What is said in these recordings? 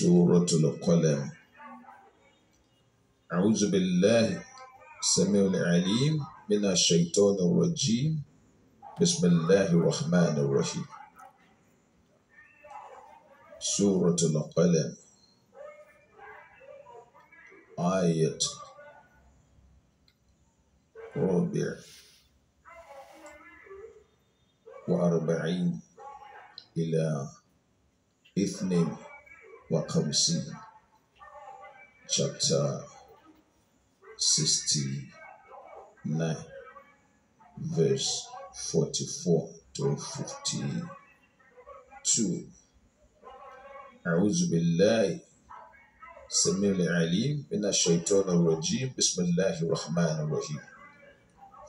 سورة القلم أعوذ بالله السميع العليم من الشيطان الرجيم بسم الله الرحمن الرحيم سورة القلم آية رابع وأربعين إلى اثنين wa hamsini chapter 69 verse 44 to 52 أعوذ بالله السميع العليم من الشيطان الرجيم بسم الله الرحمن الرحيم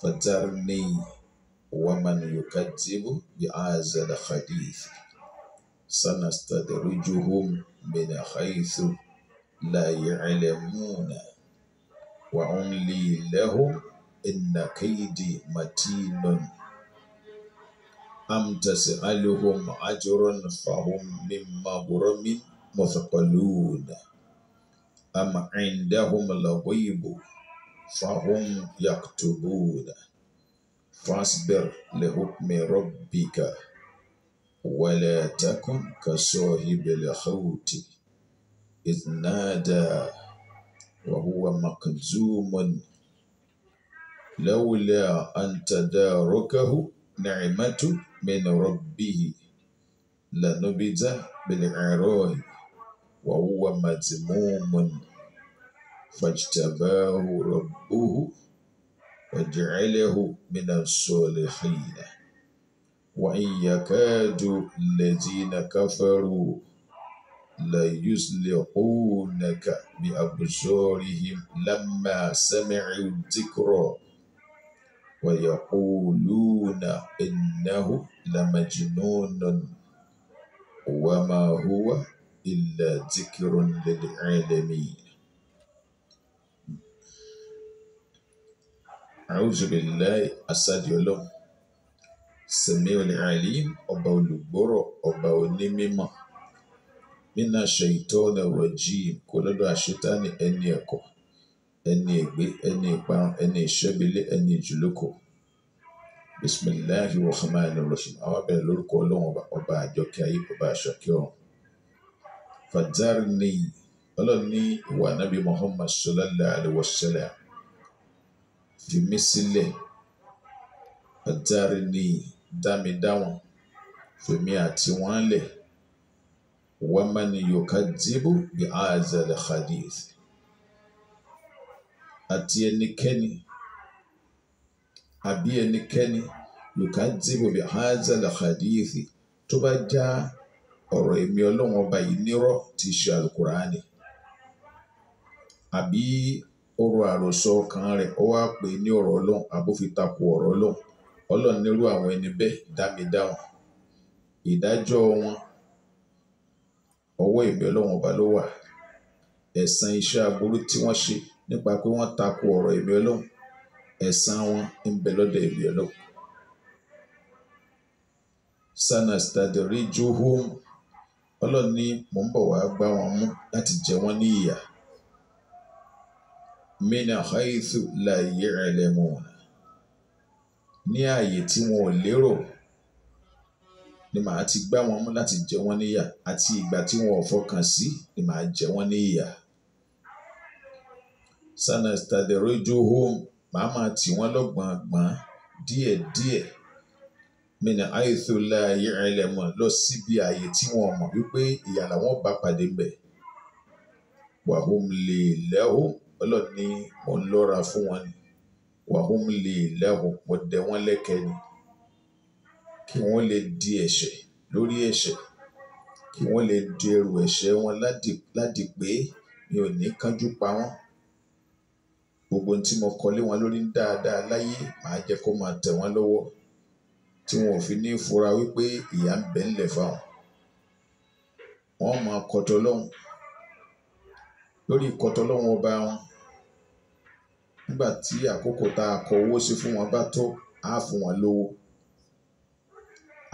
فذرني ومن يكذب بهذا الحديث سنستدرجهم من حيث لا يعلمون وأملي لهم إن كيدي متين أم تسألهم أجرا فهم من مغرم مثقلون أم عندهم الغيب فهم يكتبون فاصبر لحكم ربك ولا تكن كصاحب الحوت إذ نادى وهو مقزوم لولا أن تداركه نعمة من ربه لنبذ بالعراء وهو مذموم فاجتباه ربه وجعله من الصالحين وإن يكاد الذين كفروا ليزلقونك بأبصارهم لما سمعوا الذكر ويقولون إنه لمجنون وما هو إلا ذكر للعالمين أعوذ بالله أستغفر الله samiul alim ọba olùgbọ́rọ̀ ọba onímímọ̀ mina shaitonir rajim kò lọ́dọ̀ àṣetánì ẹni ẹ̀kọ́ ẹni ègbé ẹni ìparun ẹni ìṣẹ́bílé ẹni ìjùlókò bisimilahi rahman rahim àwọn abẹ́rẹ́ lórúkọ ọlọ́run ọba ọba àjọkẹ́ ayé ọba àṣọkẹ́ ọ̀run fajarni ọlọ́run ní ìwà nábì muhammad sallallahu alaihi fi mí sílẹ̀ fajarni dá mi dá wọn fèmi àti wọn lẹ̀ wa man yukadhibu bi azal hadith àti ẹnikẹ́ni àbí ẹnikẹ́ni yukadhibu bi azal hadith tó bá já ọ̀rọ̀ èmi ọlọ́run ọba yìí nírọ́ ti ṣe alukurani àbí ọ̀rọ̀ àròsọ kan rẹ̀ ó wá ní ọ̀rọ̀ ọlọ́run àbófin takò ọ̀rọ̀ ọlọ́run ọlọ́run nírú àwọn ẹni bẹ́ẹ̀ dá mi dá wọn ìdájọ́ wọn ọwọ́ ìbẹ́ ọlọ́run ọba ló wà ẹ̀san iṣẹ́ aburú tí wọ́n ṣe nípa pé wọ́n tako ọ̀rọ̀ ìbẹ́ ọlọ́run ẹ̀san wọn ń bẹ lọ́dọ̀ ìbẹ́ ọlọ́run. sanastadori juhum ọlọ́run ní mò ń bọ̀ wá gbá wọn mú láti jẹ wọ́n ní ìyà mina haithu la yẹ̀rẹ̀ lẹ́mọ̀ọ́nà ní ààyè tí wọn ò lérò ni màá ti gbá wọn mú láti jẹ wọ́n níyà àti ìgbà tí wọn ò fọkàn sí ni màá jẹ wọ́n níyà. sanastadrijuhum màá máa tì wọ́n lọ́gbọ̀ngbọ̀n díẹ̀díẹ̀ mina haythu la ya'lamun lọ síbi ààyè tí wọn mọ̀ wípé ìyà làwọn bá pàdé ńbẹ̀ wàhùn lè lẹ́hùn ọlọ́ni mò ń lọ́ra fún wọn ni wàhùn lè lẹ́hùn mo dẹ wọ́n lẹ́kẹ̀ ni kí wọ́n lè di ẹ̀ṣẹ̀ lórí ẹ̀ṣẹ̀ kí wọ́n lè di ẹrù ẹ̀ṣẹ̀ wọn láti pé mi ò ní kánjú pa wọ́n gbogbo tí mo kọ lé wọn lórí dáadáa láyé màá jẹ́ kó máa tẹ̀ wọ́n lọ́wọ́ tí wọn ò fi ní fura wípé ìyà ń bẹ ńlẹ̀ fáwọn wọ́n máa kọtọ lọ́hùn lórí ìkọtọ lọ́hùn ọba wọn nígbà tí àkókò tá a kọ owó sí fún wọn bá tó á fún wọn lówó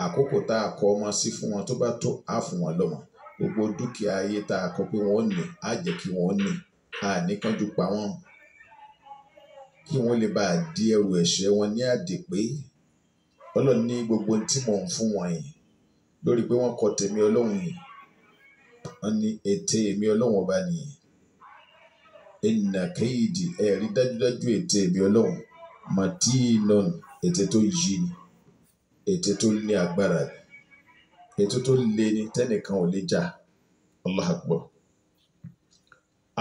àkókò tá a kọ ọmọ sí fún wọn tó bá tó á fún wọn lọ́mọ gbogbo dúkìá ayé tá a kọ pé wọn ò ní á jẹ́ kí wọn ò ní a níkanjú pa wọn kí wọn lè bá a di ẹrù ẹ̀ṣẹ̀ wọn ní àdìpé Ọlọ́run ní gbogbo tí mò ń fún wọn yìí lórí pé wọ́n kọ tèmi Ọlọ́run yìí wọ́n ní ète èmi Ọlọ́run ọba nìyí ẹnà kéyìdì ẹ̀rí dájúdájú ètè ẹ̀bí ọlọ́run màtíìnọ̀n ètè tó yí ni tó yi ni tó lé ni tẹ́nìkan lè jà Allahu Akbar.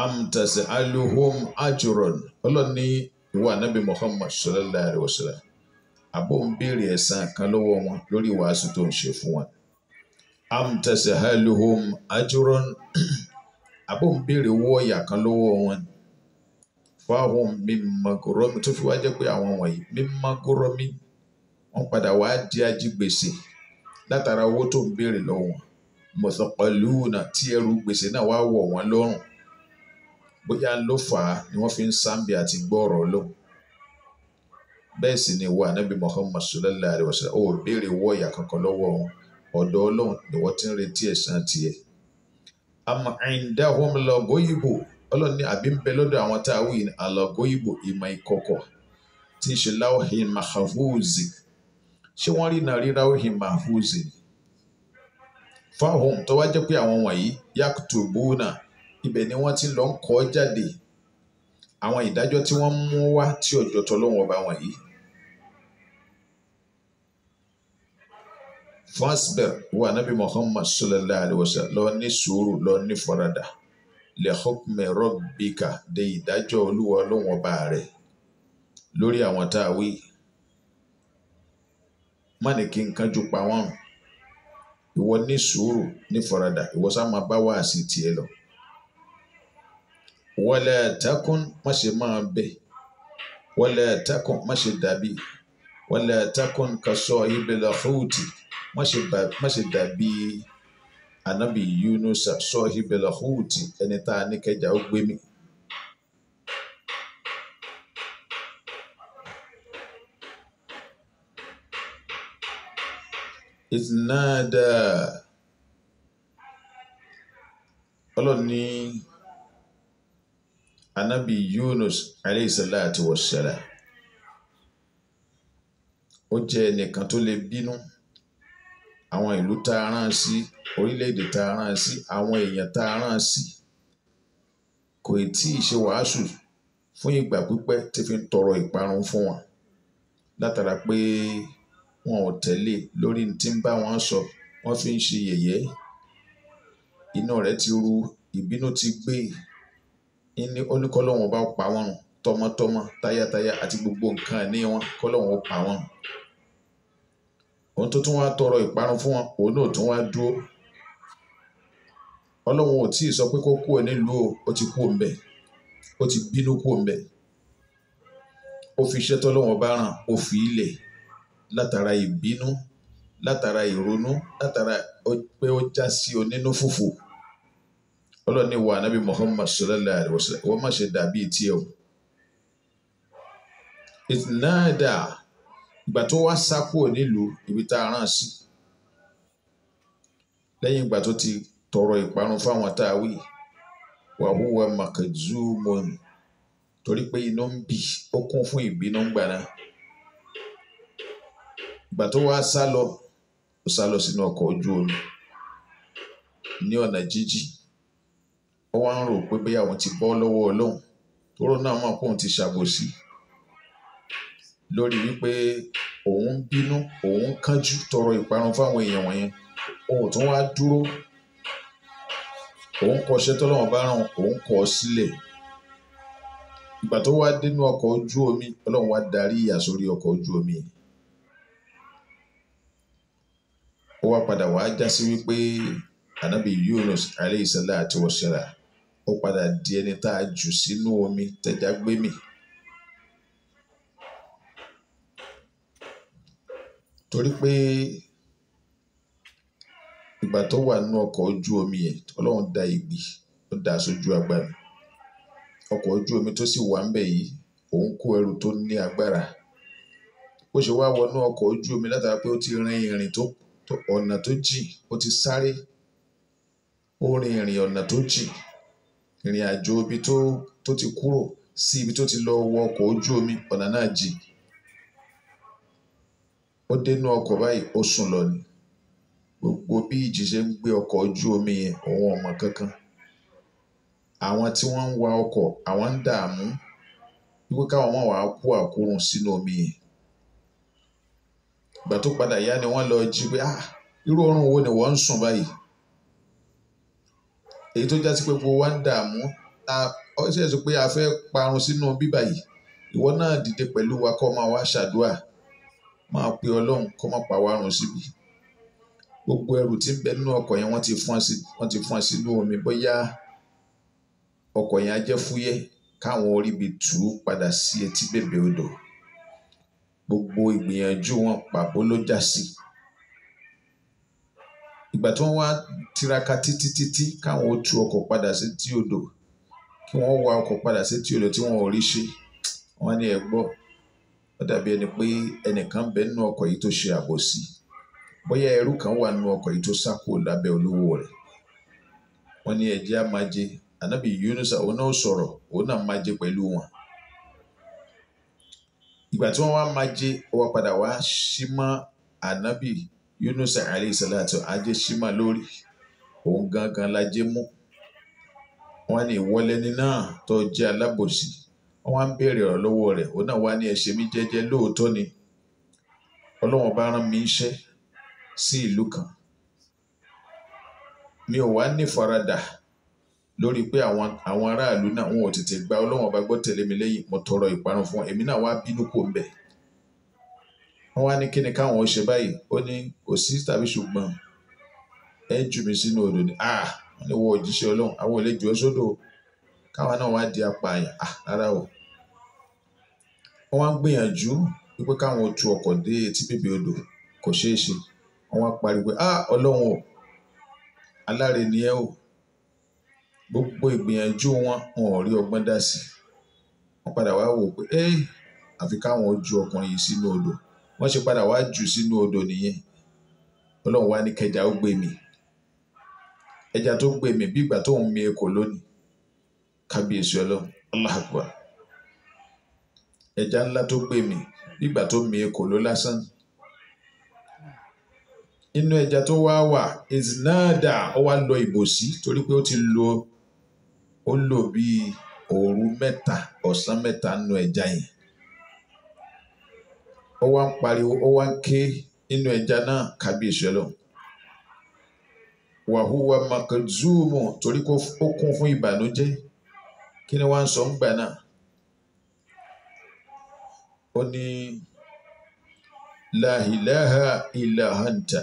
amtasi aluhum ajuron ọlọ́ni ìwà anabi Muhammad sallallahu alayhi wa sallam àbò ń béèrè kan Amtase aluhum àbò ń béèrè owó ọ̀yà kan lọ́wọ́ wọn fáwọn mímọgòrọmi tó fi wá jẹ́ pé àwọn wọ̀nyí mímọgòrọmi wọ́n padà wá di ajigbèsè látara owó tó ń béèrè lọ́wọ́ wọn mọ̀tọ́pọ̀lùnà tí ẹrù gbèsè náà wá wọ̀ wọ́n lọ́rùn bóyá ló fà á ni wọ́n fi ń sáǹbì àti gbọ́ọ̀rọ̀ lóhùn bẹ́ẹ̀ sì ni ìwọ ànábì Muhammad sallallahu alaihi wasallam ó béèrè owó ọ̀yà kankan lọ́wọ́ wọn ọ̀dọ̀ Ọlọ́run ni wọ́n ti ń retí ẹ̀san tiẹ̀ Ama àìndẹ́hùn lọ́gọ́ ìbò ọlọ́ni àbí ń bẹ lọ́dọ̀ àwọn tá a wí ní àlọ́gọ́ ìbò ìmọ̀ ìkọ̀kọ̀ tí ń ṣe láwọ̀hìn mahafuzi ṣé wọ́n rí náà ríra òhìn mahafuzi fáwọn tó wá jẹ́ pé àwọn wọ̀nyí yakutubuna ibẹ̀ ni wọ́n ti lọ ń kọ́ jáde àwọn ìdájọ́ tí wọ́n mú wá tí ọjọ́ tọ́lọ́wọ́n ọba wọ̀nyí fasbir wa nabi muhammad sallallahu alaihi wa sallam lọ ní sùúrù lọ ní faradà li hukmi rabbika de ìdájọ́ olúwa ọlọ́wọ́n ọba rẹ̀ lórí àwọn tá a wí mọ́ni kí n kánjú pa wọ́n ìwọ ní sùúrù ní faradà ìwọ sá máa bá wàásì tiẹ̀ lọ wala takun má máa bẹ̀ wala takun má dàbí wala takun ka sahibil huti má ṣe dàbí anabi Yunus sọ́ọ́hí belahuti ẹni tá a ní kẹjà ó gbé mi. ìtìnádà ọlọ́ni anabi yunus aleyhisalaatu wasala ó jẹ́ ẹnìkan tó lè bínú àwọn ìlú tá a rán sí orílẹ̀-èdè tá a rán sí àwọn èèyàn tá a rán sí kò tí ì ṣe wàásù fún ìgbà pípẹ́ tí fi ń tọrọ ìparun fún wọn látara pé wọn ò tẹ̀lé lórí tí ń bá wọn sọ wọ́n fi ń ṣe yẹ̀yẹ́ inú rẹ̀ ti ru ìbínú ti gbé ní oníkọ́lọ́wọ́n bá pa wọ́n tọmọtọmọ táyátáyá àti gbogbo nǹkan ní wọn kọ́lọ́wọ́n pa wọ́n òun tó tún wá tọrọ ìparun fún wọn òun náà tún wá dúró ọlọ́run ò tí ì sọ pé kó kúrò nílùú ó ti kúrò ńbẹ̀ ó ti bínú kúrò ńbẹ̀ ó fi iṣẹ́ tọ́lọ́wọ́n bá ràn ó fi ilẹ̀ látara ìbínú látara ìrònú látara pé ó já sí onínú fùfù ọlọ́run ní wa anabi muhammad sallallahu wasallam wọ́n má ṣe dàbí tiẹ̀ o ìtìnáàdà ìgbà tó wá sá kúrò nílùú ibi tá a rán sí lẹ́yìn ìgbà tó ti tọrọ ìparun fáwọn tá a wí wàhùwà màkàzúmọ̀nù torí pé iná ń bì ó kún fún ìbínú ń gbàná ìgbà tó wá sá lọ ó sá lọ sínú ọkọ̀ ojú omi ní ọ̀nà jíjì ó wá ń rò pé bóyá òun ti bọ́ lọ́wọ́ ọlọ́run tó rò náà mọ̀ pé òun ti ṣàbòsí lórí wípé òun ń bínú òun ń kánjú tọrọ ìparun fáwọn èèyàn wọ̀nyẹn òun tún wá dúró òun kọ iṣẹ́ tọ́lọ́wọ́n bá rán òun kọ sílẹ̀ ìgbà tó wá dénú ọkọ̀ ojú omi ọlọ́run wá darí ìyà sórí ọkọ̀ ojú omi ó wá padà wá já wípé anabi Yunus aleyhisalaam àti wọ́sẹ̀ra ó padà di ẹni tá a jù sínú omi tẹ́já gbé mì. torí pé ìgbà tó wà nínú ọkọ̀ ojú omi yẹn ọlọ́run da ìgbì ó da sójú agbami ọkọ̀ ojú omi tó sì wà ńbẹ̀ yìí òun kó ẹrù tó ní agbára bó ṣe wá wọnú ọkọ̀ ojú omi látara pé ó ti rin ìrìn tó ọ̀nà tó jìn ó ti sáré ó rin ìrìn ọ̀nà tó jìn ìrìn àjò ibi tó ti kúrò sí ibi tó ti lọ wọ ọkọ̀ ojú omi ọ̀nà náà jìn ó dénú ọkọ̀ báyìí ó sùn lọ ni gbogbo bí ìjì ṣe ń gbé ọkọ̀ ojú omi yẹn òun ọmọ kankan àwọn tí wọ́n ń wa ọkọ̀ àwọn ń dààmú wípé káwọn máa wàá kú àkúrùn sínú omi yẹn ìgbà tó padà yá ni wọ́n lọ jí pé ah irú oorun wo ni wọ́n ń sùn báyìí èyí tó jásí pé gbogbo wa ń dààmú ọ ṣe pé a fẹ́ parun sínú bíbà yìí ìwọ náà dìde pẹ̀lú wa kó máa wá ṣàdúrà máa pe ọlọ́run kó má pa wá run síbi gbogbo ẹrù tí ń bẹ nínú ọkọ̀ yẹn wọ́n ti fún ọ sínú omi bóyá ọkọ̀ yẹn á jẹ́ fúyẹ́ káwọn orí ibi tù ú padà sí etí bèbè odò gbogbo ìgbìyànjú wọn pàbó ló já sí ìgbà tí wọ́n wá tiraka títí títí káwọn ó tu ọkọ̀ padà sí etí odò kí wọ́n wa ọkọ̀ padà sí etí odò tí wọ́n ò rí ṣe wọ́n ní ẹ gbọ́ ó dàbí ẹni pé ẹnìkan ń bẹ nínú ọkọ̀ yìí tó ṣe àbòsí bóyá ẹrú kan wà nínú ọkọ̀ yìí tó sá kúrò olówó rẹ̀ wọ́n ní ẹ̀jẹ̀ àmàjẹ ànábì Yunusa òun náà sọ̀rọ̀ òun náà májẹ pẹ̀lú wọn ìgbà tí wọ́n wá májẹ ó padà wá sí mọ́ Yunusa alayhi salatu ajé sí mọ́ lórí òun gangan lajé mú wọ́n ní ìwọlẹ́ni náà tó jẹ́ alábòsí wọ́n wá ń béèrè ọ̀rọ̀ lọ́wọ́ rẹ̀ òun náà wá ní ẹ ṣe jẹ́jẹ́ lóòótọ́ ni ọlọ́wọ́n bá rán mi iṣẹ́ sí ìlú kan mi ò wá ní faradà lórí pé àwọn àwọn aráàlú náà wọn ò tètè gba ọlọ́wọ́n bá gbọ́ tẹ̀lé mi lẹ́yìn mo tọrọ ìparun fún èmi náà wá bínú kò ń bẹ̀ wọ́n wá ní kí ni káwọn ó ṣe báyìí ó ní kò sí tàbí ṣùgbọ́n ẹ jù mí sínú odò ni ah wọ́n lè wọ òjíṣẹ́ ọlọ́run àwọn ò lè jù ọ́ sódò káwọn náà wá di apààyàn ah rárá wọ́n wá ń gbìyànjú wípé káwọn ó tu ọkọ̀ dé etí bèbè odò kò ṣeé ṣe wọ́n wá pariwo pé ah ọlọ́run o aláre ni ẹ o gbogbo ìgbìyànjú wọn wọn ò rí ọgbọ́n dá sí wọ́n padà wá wò pé ẹ́ àfi káwọn ó ju ọkùnrin yìí sínú odò wọ́n ṣe padà wá jù sínú odò nìyẹn ọlọ́run wá ní kẹjà ó gbé mi ẹja tó gbé mi bí ìgbà tó ń mi ekò lónìí kábíyèsí ọlọ́run Allahu Akbar ẹja ńlá tó gbé mì nígbà tó mi ekòló lásán inú ẹja tó wá wà ezinada ó wá lọ ìbòsí torí pé ó ti lo ó lò bíi òru mẹ́ta ọ̀sán mẹ́ta nínú ẹja yẹn ó wá ń pariwo ó wá ń ké inú ẹja náà kábíyèsí Ọlọ́run wàhùwà makazumu torí pé kún fún ìbànújẹ́ kí ni wọ́n sọ ń gbà náà ó ní la ilaha illa anta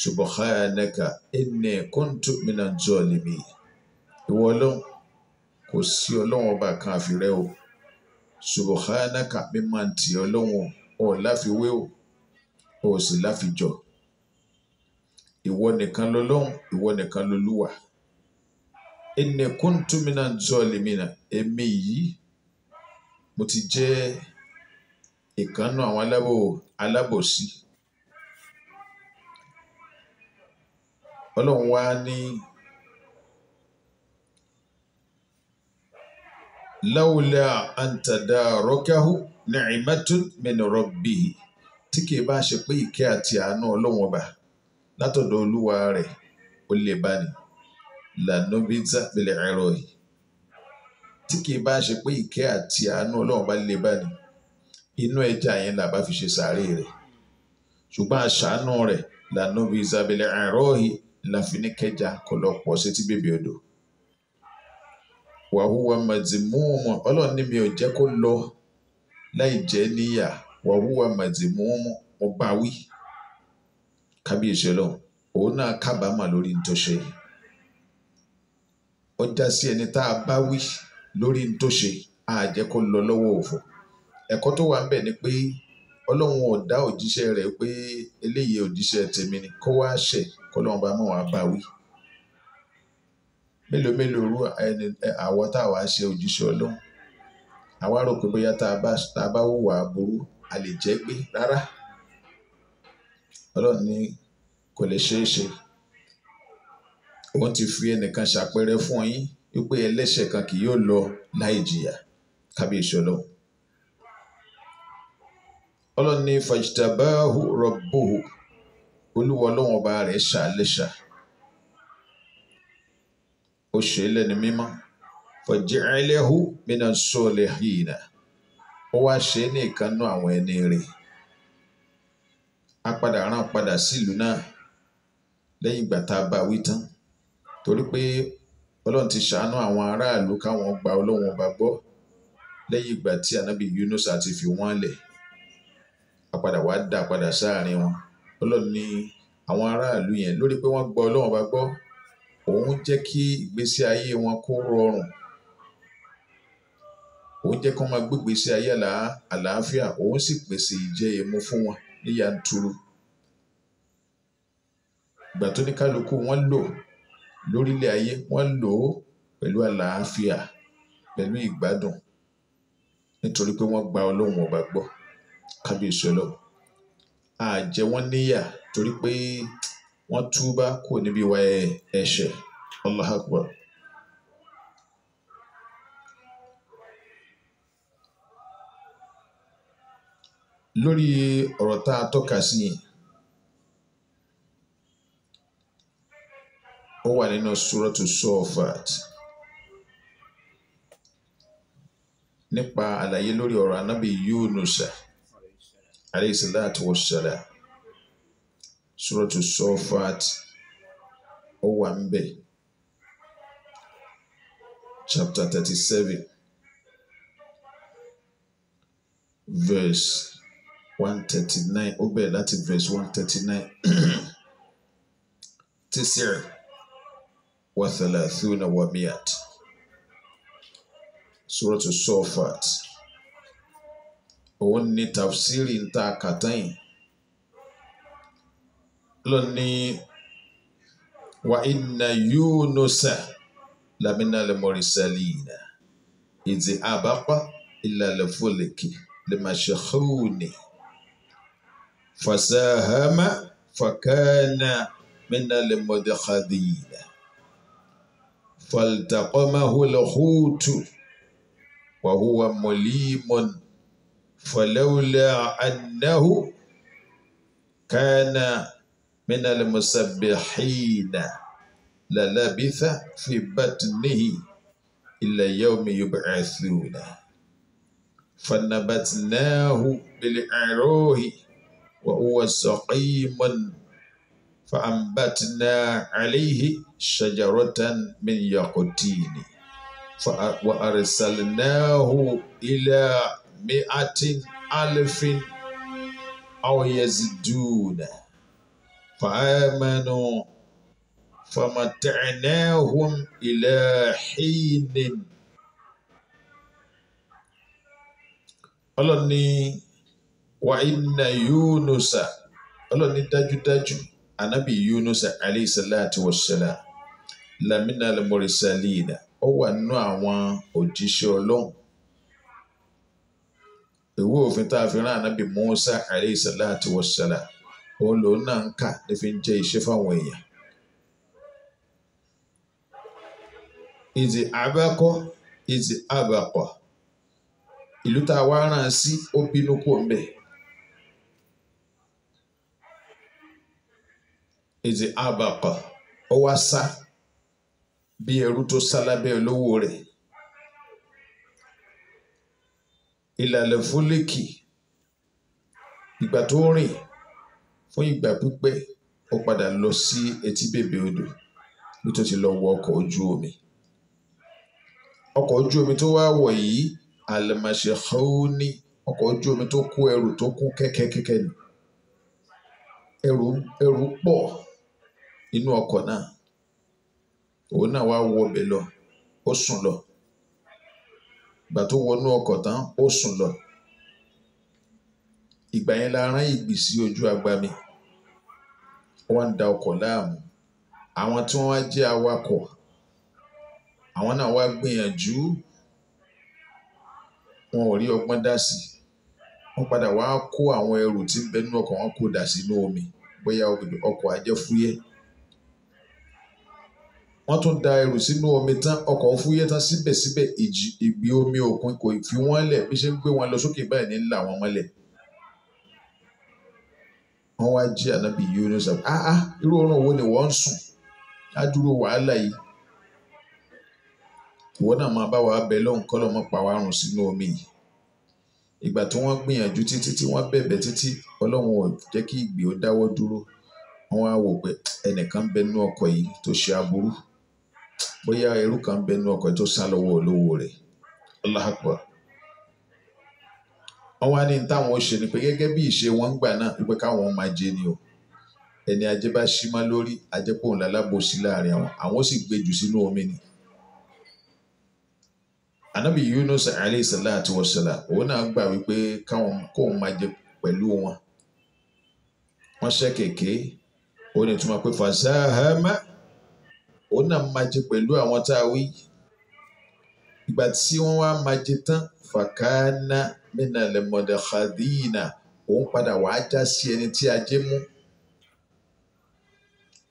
subhanaka inni kuntu minan zalimin ìwọ ọlọ́run kò sí ọlọ́run ọba kan àfirẹ́ o subhanaka mímọ́ àǹtí ọlọ́run ọ̀ láfiwé o ọ̀ sì láfijọ́ ìwọ nìkan lọ́lọ́run ìwọ nìkan lolúwa inni kuntu minan zalimina èmi yìí mo ti jẹ́ ìkan nínú àwọn alábòsí ọlọ́run wá ní láwùlà àǹtàdà rọ́káhù ni'matun min rabbihi tí kìí bá ṣe pé ìkẹ́ àti àánú ọlọ́run ọba látọ̀dọ̀ olúwa rẹ̀ ó lè bá ní lànàbíta bil 'iraq yìí tí kìí bá ṣe pé ìkẹ́ àti àánú ọlọ́run ọba lè bá ní. inú ẹja yẹn làbá fi ṣe sàárè rẹ̀ ṣùgbọ́n àṣàánú rẹ̀ lànà bí isabelle àìrọ́ọ̀hì láfiníkẹjà kò lọ pọ̀ sétí bèbè odò wàhúwa màdìmúùmù ọlọ́ọ̀ni mi ò jẹ́ kó lọ láì jẹ́ níyà wàhúwa màdìmúùmù mo bá wí kábíyèsí ọlọ́run òun náà kábàámà lórí ntọ́ṣe ọjà sí ẹni tá a bá wí lórí a àjẹ́ lọ lọ́wọ́ òfò. ẹ̀kọ́ tó wà bẹ̀ ni pé ọlọ́run ọ̀dá òjíṣẹ́ rẹ̀ pé eléyìí òjíṣẹ́ tèmi ni kó wá ṣẹ̀ kó lọ́run bá mọ̀ wá bá wí. mélòó mélòó rú tá a wá ṣe òjíṣẹ́ ọlọ́run àwa rò pé bóyá tá a bá a lè jẹ́ pé rárá ọlọ́run ní kò lè ṣeé lọ ọlọ́run ní fajtabahu rabbuhu olúwa ọlọ́run ọba rẹ̀ ṣàlẹ́ṣà ó ṣe é lẹ́ni mímọ́ faj'alahu minas solihina ó wá ṣe é ní ìkànnú àwọn ẹni rẹ̀ a padà rán padà sílùú náà lẹ́yìn ìgbà tá a bá wí tán torí pé ọlọ́run ti ṣàánú àwọn aráàlú káwọn gba ọlọ́run ọba gbọ́ lẹ́yìn ìgbà tí anabi Yunus àti fi wọ́n lẹ̀ apadà wàá dà padà sáàrin wọn ọlọ́run ní àwọn aráàlú yẹn lórí pé wọ́n gba ọlọ́run bá gbọ́ òun jẹ́ kí ìgbésí ayé wọn kó rọrùn òun jẹ́ kí wọ́n máa gbégbèsè ayé àlàáfíà òun sì pèsè ìjẹ èmu fún wọn ní yanturu ìgbà tó ní kálukú wọ́n lò lórílẹ̀ ayé wọ́n lò ó pẹ̀lú àlàáfíà pẹ̀lú ìgbádùn nítorí pé wọ́n gba ọlọ́run ọba gbọ́ kábíyèsí ọlọ́run a jẹ wọ́n níyà torí pé wọ́n túbá kò níbi ìwà ẹ̀ṣẹ̀ allah akbar. lórí ọ̀rọ̀ tá a tọ́ka sí yìí ó wà nínú suratu sọ́ọ̀fàt nípa àlàyé lórí ọ̀rọ̀ anábì Yunusa alayhi salatu wa salam suratu sofat ó wà ń bẹ̀ chapter thirty seven verse one thirty nine ó bẹ̀rẹ̀ láti verse one thirty nine tisir wa thalathuna wa miyat suratu sofat òun ni tafsiri ń ta kàtẹ́yìn lónìí wa inna yunusa lamina lemorisalina ìdí àbápá ìlàlẹ̀ fúlẹ̀kì lèmàṣẹ́hóni fasahama fakana mina lemọdẹ́kadìyìnà faltakomahu lọ́hùtù wàhùwà mọ̀límọ̀nù. ولولا أنه كان من المسبحين للبث في بطنه إلى يوم يبعثون فنبتناه بالعروه وهو سقيم فأنبتنا عليه شجرة من يقطين وأرسلناه إلى mi'atin alifin aw yaziduna fa amanu famata'nahum ila hinin ọlọ́ni wa inna yunusa ọlọ́ni dájúdájú anabi yunusa alayhi salatu wassalam lamina al-mursalina ó wà nínú àwọn òjíṣẹ́ ọlọ́run ìwé òfin tá a fi rán ànábì Musa alayhi salatu wa salam òun lòun náà ń kà ní fi ń jẹ́ iṣẹ́ fáwọn èèyàn. ìdì abẹ́kọ́ ìdì abẹ́kọ́ ìlú tá a wá rán sí ó bínú kò ń ìdì abẹ́kọ́ ó wá sá bí ẹrú tó sá lábẹ́ olówó rẹ̀. ìlàlẹ̀ fólèkì ìgbà tó rìn fún ìgbà pípẹ́ ó padà lọ sí etí bèbè odò nítòsí lọ wọ ọkọ̀ ojú omi ọkọ̀ ojú omi tó wá wọ̀ yìí al-Mashkhawni ọkọ̀ ojú omi tó kó ẹrù tó kún kẹ́kẹ́kẹ́kẹ́ ni ẹrù ẹrù pọ̀ nínú ọkọ̀ náà òun náà wá wọ ọbẹ̀ lọ ó sùn lọ ìgbà tó wọnú ọkọ̀ tán ó sùn lọ ìgbà yẹn la rán ìgbì sí ojú agbami wọ́n ń da ọkọ̀ láàmú àwọn tí wọ́n wá jẹ́ awakọ̀ àwọn náà wá gbìyànjú wọn ò rí ọgbọ́n dá sí wọ́n padà wá kó àwọn ẹrù tí ń ọkọ̀ wọn kó dà sínú omi bóyá ọkọ̀ ajẹ́fúyẹ́ wọ́n tún da ẹrù sínú omi tán ọkọ̀ ń fúyẹ́ tán síbẹ̀síbẹ̀ ìjì ìgbì omi òkun kò fi wọ́n lẹ̀ bí ṣe ń gbé wọn lọ sókè báyìí ní ńlá wọn mọ́lẹ̀. wọ́n wá jí ànábì Yunus ah ah irú oorun wo ni wọ́n ń sùn á dúró wàhálà yìí ìwọ náà máa bá wàá bẹ lọ́hùn kọ́ lọ́mọ pa wàá rùn sínú omi yìí ìgbà tí wọ́n gbìyànjú títí tí wọ́n bẹ̀bẹ̀ títí ọlọ́run ò jẹ́ kí ìgbì ó dáwọ́ dúró wọ́n á wò pé ẹnìkan bẹ ọkọ̀ yìí tó ṣe aburú bóyá ẹrú kan bẹ nínú ọkọ tó sá lọwọ olówó rẹ̀ Allahu Akbar wọ́n wá táwọn ṣe ni pé gẹ́gẹ́ bí ìṣe wọn gbà náà wípé káwọn ni o ẹni ajé bá ṣí má lórí ajé pò ń lalábòsí láàrin àwọn àwọn sì gbé jù sínú omi ni. Ànábì Yunus alayhi salatu wa salam òun náà gbà wípé káwọn kóun máa jẹ pẹ̀lú wọn ṣe òun náà máa jẹ pẹ̀lú àwọn tá a wí yìí ìgbà tí wọ́n wá máa jẹ tán fàkánà mẹ́nà lẹ́mọ̀dẹ̀ xadìyìnà òun padà wàá já sí ẹni tí a jẹ mú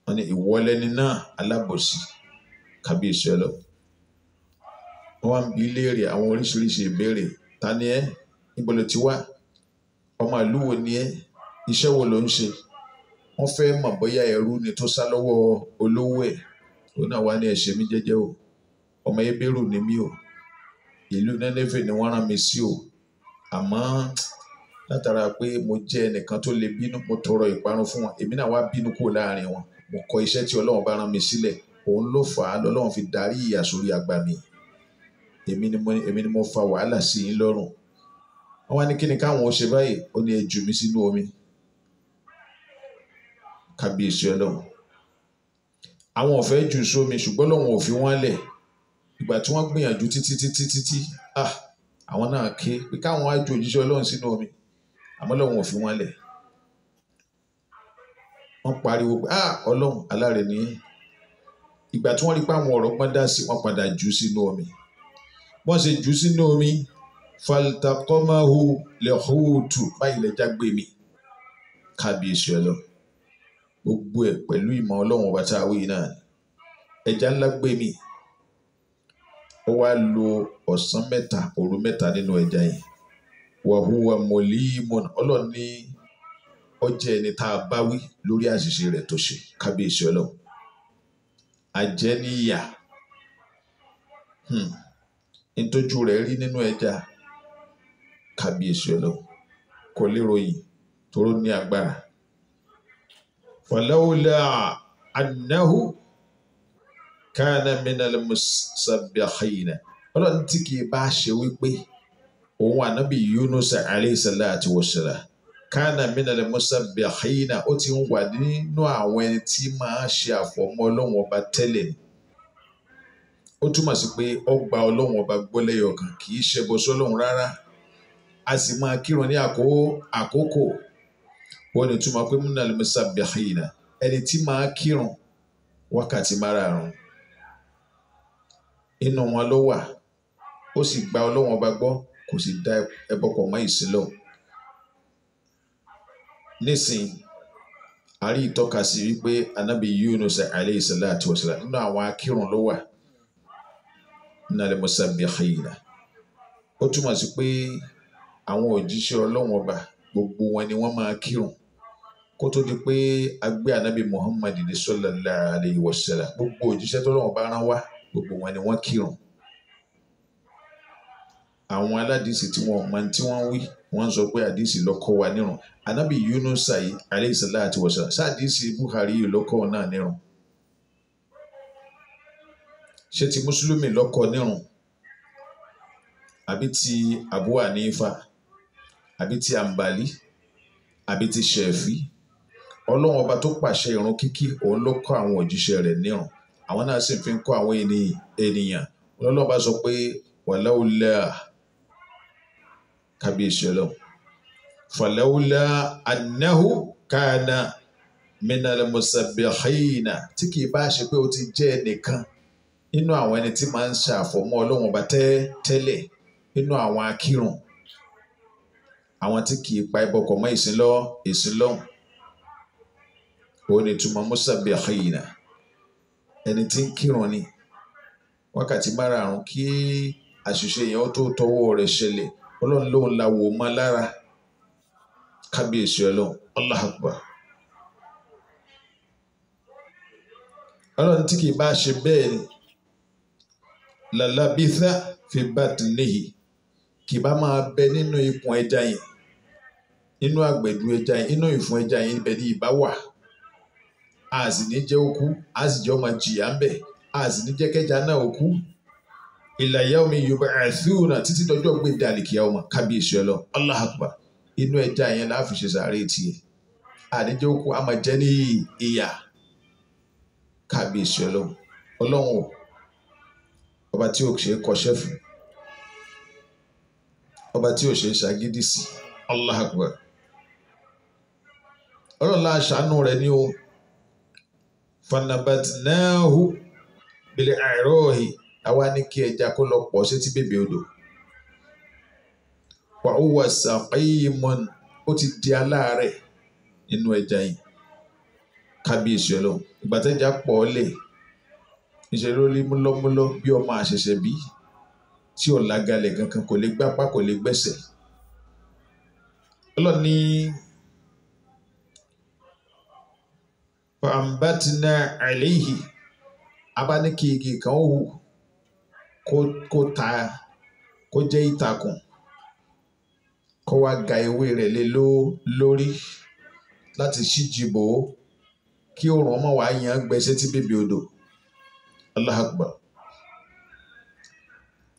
wọ́n ní ìwọlẹ́ni náà alábòsí kábíyèsí ọlọ wọ́n wá ń bi léèrè àwọn oríṣiríṣi ìbéèrè ta ni ẹ́ níbo ló ti wá ọmọ ìlú wo ni ẹ́ iṣẹ́ wo ló ń ṣe wọ́n fẹ́ mọ̀ bóyá ẹrú ni tó sá lọ́wọ́ olówó ẹ̀ òun náà wá ní ẹ ṣe mí jẹ́jẹ́ o ọmọ ebérù ni mí o ìlú nẹ́nẹ́fẹ̀ ni wọ́n rán mi sí o àmọ́ látara pé mo jẹ́ ẹnìkan tó lè bínú mo tọrọ ìparun fún wọn èmi náà wá bínú kúrò láàrin wọn mo kọ iṣẹ́ tí ọlọ́run bá rán mi sílẹ̀ òun ló fà á lọ́lọ́run fi darí ìyà sórí àgbà mi èmi ni mo èmi ni mo fa wàhálà sí yín lọ́rùn wọ́n wá ní kí káwọn ó ṣe báyìí ó ní ẹ jù sínú omi kábíyèsí ọlọ́run àwọn ọ̀fẹ́ jù sómi ṣùgbọ́n lòun ò fi wọ́n lẹ̀ ìgbà tí wọ́n gbìyànjú títí títí títí ah àwọn náà ké pé káwọn á ju òjíṣẹ́ ọlọ́run sínú omi àmọ́ lòun ò fi lẹ̀ wọ́n pariwo pé ah ọlọ́run aláre ni ìgbà tí wọ́n rí pé àwọn ọ̀rọ̀ pọ́n dá sí wọ́n padà jù sínú omi wọ́n ṣe jù sínú omi faltakọ́máhu lẹ́hóòtù báyìí lẹ́jà gbé mi kábíyèsí ọlọ́run. gbogbo ẹ pẹ̀lú ìmọ̀ ọlọ́run ọba tá a ẹja ńlá gbé mi ó wá lo ọ̀sán mẹta òru mẹta nínú ẹja yìí wàhùwà mọ̀lìmọ̀nà ọlọ́run ní ọjọ́ ẹni tá a bá wí lórí àṣìṣe rẹ tó ṣe kábíyèsí ọlọ́run àjẹníyà hmm. ntójú rí nínú ولولا أنه كان من المسبحين ọlọ́run tí kì í bá ṣe wípé òun ànábì Yunus alayhi salatu wassalam kana min al-musabbihin ó ti ń wà nínú àwọn ẹni tí máa ṣe àfọmọ́ ọlọ́run ọba tẹ́lẹ̀ ni ó túmọ̀ sí pé ó gba ọlọ́run ọba gbọ́lẹ́yọ̀ kan kì í ṣe bọ́ sọ́lọ́run rárá a sì máa kírun ní àkókò wọ́n ní túmọ̀ pé múnà lè mẹ́sà bí àyìnà ẹni tí máa kírun wákàtí márààrún inú wọn ló wà ó sì gba ọlọ́wọ́n bá gbọ́ kò sì dá ẹbọ pọ̀ mọ́ ìsílọ̀ nísìn àrí ìtọ́ka sí wípé anabi Yunus alayhi salatu wa salam nínú àwọn akírun ló wà múnà lè mẹ́sà bí àyìnà ó túmọ̀ sí pé àwọn òjíṣẹ́ ọlọ́wọ́n bá gbogbo wọn ni wọ́n máa kírun kó tó di pé a gbé anabi muhammad ní sallallahu alayhi wa sallam gbogbo òjíṣẹ́ tó lọ́wọ́ bá rán wá gbogbo wọn ni wọ́n kírun àwọn aládìsí tí wọ́n mọ̀ tí wọ́n wí wọ́n sọ pé àdìsí lọ́kọ́ wa nírun anabi yunusa yìí alayhi salatu wa sallam sáàdìsí buhari yìí lọ́kọ́ náà nírun ṣé ti mùsùlùmí lọ́kọ́ nírun àbí ti abu hanifa àbí ti ambali àbí ti ṣẹ̀fì ọlọ́run ọba tó pàṣẹ ìrun kíkí òun ló kọ́ àwọn òjíṣẹ́ rẹ̀ nírun àwọn náà sì fi ń kọ́ àwọn ènìyàn ọlọ́run ọba sọ pé wàláwùlá kábíyèsí ọlọ́run fàláwùlá anáhù káàna mínàlẹ́ mùsàbíhìnà tí kì í bá ṣe pé ó ti jẹ́ ẹnìkan nínú àwọn ẹni tí máa ń ṣàfọ̀mọ́ ọlọ́run ọba tẹ́lẹ̀ nínú àwọn akírun àwọn tí kì pa ẹbọ kọ̀ mọ́ ìsìn lọ́wọ́ wọ́n ní tuma musabbihina ẹni tí ń kírun ni wákàtí márààrún kí àṣìṣe yẹn ó tó tọwọ́ rẹ̀ ṣẹlẹ̀ ọlọ́run lòun la wò mọ́ lára kábíyèsí ọlọ́run Allahu Akbar. ọlọ́run tí kì bá ṣe bẹ́ẹ̀ ni lalabitha fi batnihi kì bá máa bẹ nínú ikùn ẹja yẹn nínú àgbẹ̀dù ẹja yẹn nínú ìfun ẹja yẹn ibẹ̀ ni ìbá wà. a si ni je oku a si je oma ji ya nbe a si na jekeja ana ila ya omi yi o ba e si una titi dojo gbe ndaliki ya oma ka bi iso elo ola inu eja enla fi se saari eti e a ni je ama je ni iya ka bi iso elo ọba ti o se kọsefu ọba ti o se sagidi si ola hapun fanabatinahu bilẹ̀ àìrọ́ọ̀hì àwa ní kí ẹja kó lọ pọ̀ sétí bèbè odò wàhùwà sàkéyìmọ́n ó ti di aláàárẹ̀ nínú ẹja yìí kábíyèsí ọlọ́run ìgbà tẹ́jà pọ̀ ọ́ lè ìṣẹ̀lẹ̀ ó lé múlọ́múlọ́ bí ọmọ àṣẹ̀ṣẹ̀ bí tí ò lágalẹ̀ kankan kò lè gbápá kò lè gbẹ́sẹ̀ ọlọ́run فأنبتنا عليه abani kìkì kan wù kó kó ta kó jẹ́ ìtàkùn kó wá ga ewé rẹ̀ lé ló lórí láti ṣíjìbò kí oòrùn ọmọ wa yan gbẹ̀ṣẹ́ tí bèbè odò Allahu Akbar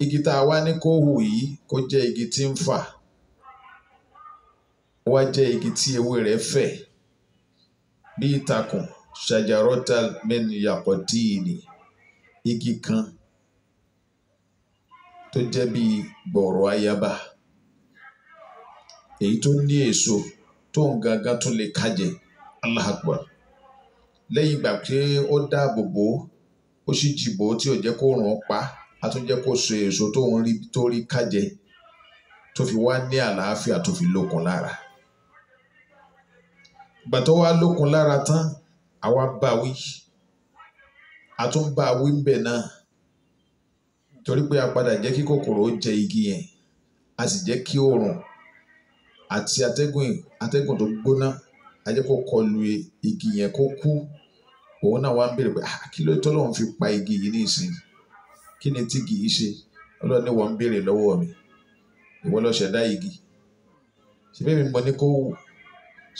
igi tá a wá ní kó hù yìí kó igi tí ń fà wá jẹ́ igi tí ewé rẹ̀ fẹ̀ ní ìtàkùn ṣàjàrọ́tàl mẹ́niyàkọ̀tíìnì igi kan tó jẹ́ bí gbọ̀rọ̀ ayaba èyí tó ní èso tóun gangan tún lè kájẹ Allahu Akbar lẹ́yìn ìgbà pé ó dáàbò bò ó sì jìbò tí ò jẹ́ kó rùn ún pa á tún jẹ́ kó so èso tóun rí tó rí kájẹ tó fi wá ní àlàáfíà tó fi lókun lára ìgbà tó wá lókun lára tán àwa bá wí a tún bá wí ń bẹ̀ náà torí pé a padà jẹ́ kí kòkòrò jẹ igi yẹn a sì jẹ́ kí oòrùn àti atẹ́gùn atẹ́gùn tó gbóná a jẹ́ kó kọlu igi yẹn kó kú òun náà wá ń béèrè pé ah, kí ló tọ́ lóun fi pa igi yìí ní kí ni tí igi yìí ṣe ọlọ́run wọ́n ń béèrè lọ́wọ́ mi ìwọ igi ṣe bẹ́ẹ̀ mi mọ ní kó wù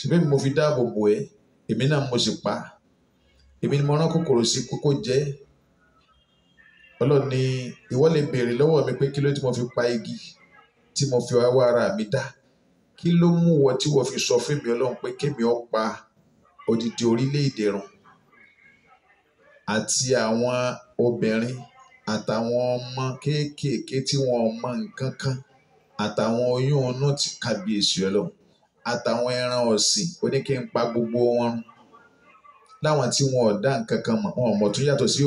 ṣèbí mi mo fi dáàbò bò ẹ́ èmi náà mo sì pa á èmi ni mo rán kòkòrò sí kókó jẹ́ ọlọ́run ni ìwọ lè béèrè lọ́wọ́ mi pé kí ló tí mo fi pa igi tí mo fi wá ara mi dá kí ló mú wọ tí wọ́n fi sọ fún mi ọlọ́run pé kémi ó pa odidi orílẹ̀-èdè run àti àwọn obìnrin àtàwọn ọmọ kéékèèké tí wọn mọ nǹkan kan àtàwọn oyún inú ti kábíyèsí ọlọ́run àtàwọn ẹran ọ̀sìn ó ní kí n pa gbogbo wọn láwọn tí wọn ò dá nǹkan kan mọ̀ wọn ò mọ̀ tún yàtọ̀ sí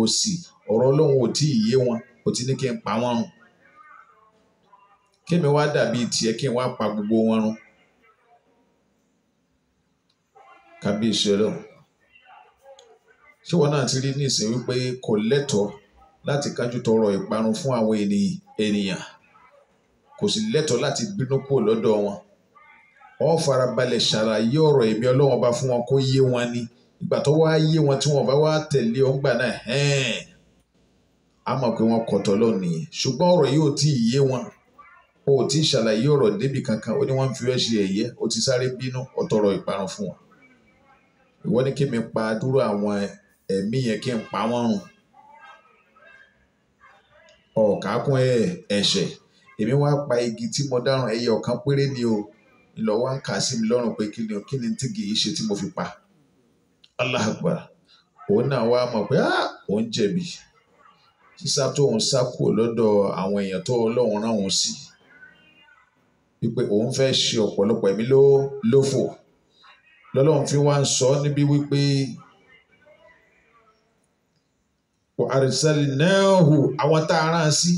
òsì ọ̀rọ̀ ọlọ́run ò tí ì yé wọn ó ti ní kí n pa wọn run kémi wá dàbí tiẹ̀ kí n wá pa gbogbo wọn run kábíyèsí ọlọ́run ṣé náà ti rí ní wípé kò lẹ́tọ̀ọ́ láti kájú tọrọ ìparun fún àwọn ènìyàn kò sì lẹ́tọ̀ọ́ láti bínú kúrò lọ́dọ̀ wọn ó farabalẹ̀ ṣàlàyé ọ̀rọ̀ èmi ọlọ́wọ́n bá fún wọn kó yé wọn ni ìgbà tó wá yé wọn tí wọn bá wá tẹ̀lé ọ ńgbà náà hẹ́ẹ̀n á mọ̀ pé wọ́n kọ̀tọ̀ lọ nìyẹn ṣùgbọ́n ọ̀rọ̀ yìí ò tí ì yé wọn o ò tí ì ṣàlàyé ọ̀rọ̀ débi kankan ó ní wọ́n ń fi wẹ́ ṣe ẹ̀yẹ ó ti sáré bínú ọ̀tọ̀rọ̀ ìparun fún wọn ìwọ ní kí mi pa dúró àwọn ẹ̀mí yẹn kí n pa wọ́n run ọ̀ọ́kà ẹ̀ ẹ̀ṣẹ̀ èmi wá pa igi tí mo dáràn ẹyẹ ọ̀kan péré ni o ńlọ wá ń kà sí mi lọ́rùn pé kí ni kí ni tí kìí ṣe tí mo fi pa Allah Akbar òun náà wá mọ̀ pé òun ah, jẹ̀bi sísá tó òun sá kúrò lọ́dọ̀ àwọn èèyàn tó Ọlọ́run rán òun sí wípé òun fẹ́ ṣe ọ̀pọ̀lọpọ̀ ẹ̀mí ló lófò lọ́lọ́run fi wá ń sọ níbi wípé wà náà hù àwọn tá a rán sí